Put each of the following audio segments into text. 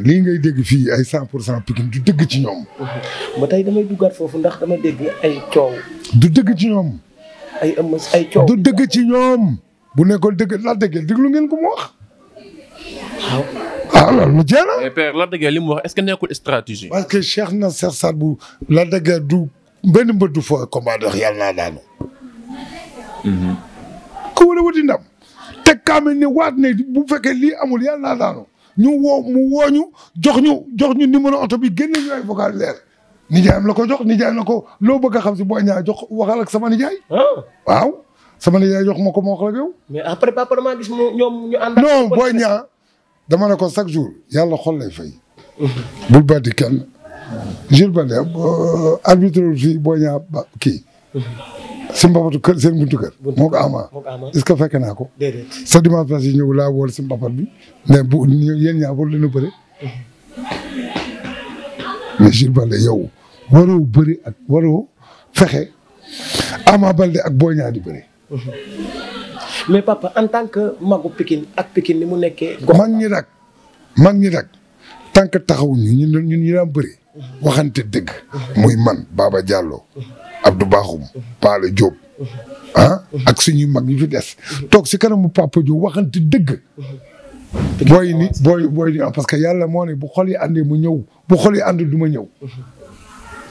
te lii ngay dégg fii ay cent pour cent Pikine du dëgg ci ñoom. ba tey foofu ndax dama ay coow. du dëgg ci ñoom. ay am dëgg ci ñoom. bu nekkoon dëgg la dëgg du ngeen ko mu wax. waaw. ah jeex la dëgg li mu wax est-ce que nekkul stratégie. parce que Cheikh na Cheikh Sadbou la dëgg du benn mbët du fooy combat dox naa daanu. Mhm. ku war a wuti ndam. teg waat ne bu fekkee lii amul yàlla naa daanu. ñu woo mu woo ñu jox ñu jox ñu numéro oto bi génn ñu ay vocal leer nijaayam la ko jox nijaayam la ko loo bëgg a xam si boo ñaa jox waxal ak sama nijaay. Oh. waaw sama nijaay jox ma ko ma wax yow. mais après papa dama gis ñoom ñu ànd non booy ñaa dama ne ko chaque jour yàlla xol lay fay. bul bàddi kenn. Jules Baldé euh, arbitre boo ñaa kii. si mbapatu kër seen buntu kër. moo ko ama est-ce que fekk naa ko. déedéet sa dimanche passé ñëw laa wool si mbapat bi mais bu yéen ñaa war leen a bëri. Mm-hmm. mais Jules Baldé yow waroo bëri ak waroo fexe Ama Baldé ak Boy Niang di bëri. Mm-hmm. mais papa en tant que magu Pikine ak Pikine ni mu nekkee. mag ñi nag mag ñi nag tant que taxawuñu ñun ñun ñu daan bëri. Mm-hmm. waxante dëgg. muy man Baba Diallo. du Bakhoum Paale Diop ah ak suñuy mag ñu fi des toog si kanamu Papa Diop waxante dëgg booy ni booy ni ah, parce que yàlla moo ne bu xol yi àndee mu ñëw bu xol yi ànd du ma ñëw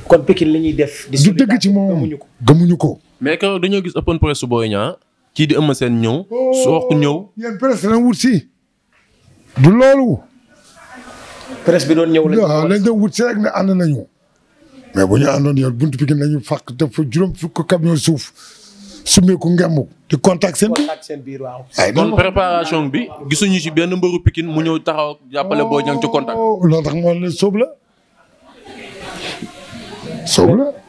kon Pikine li ñuy def du dëgg ci moom gëmuñu ko mais dañoo gis open press booy ñaa kii di Eumeu Sène ñëw sooq oh, ñëw yéen presse na wut si du loolu presse bi doon ñëw ah, lañ doon wut si rek ne ànd nañu mais bu ñu àndoon yow buntu Pikine la ñu fàq def juróom fukk camion suuf sumee ko ngemb di contact seen biir seen biir waaw. kon préparation bi gisuñu ci benn mbëru Pikine mu ñëw taxaw jàppale boo ñang ci contact. Oh, loolu tax moo ne sóob la sóob la.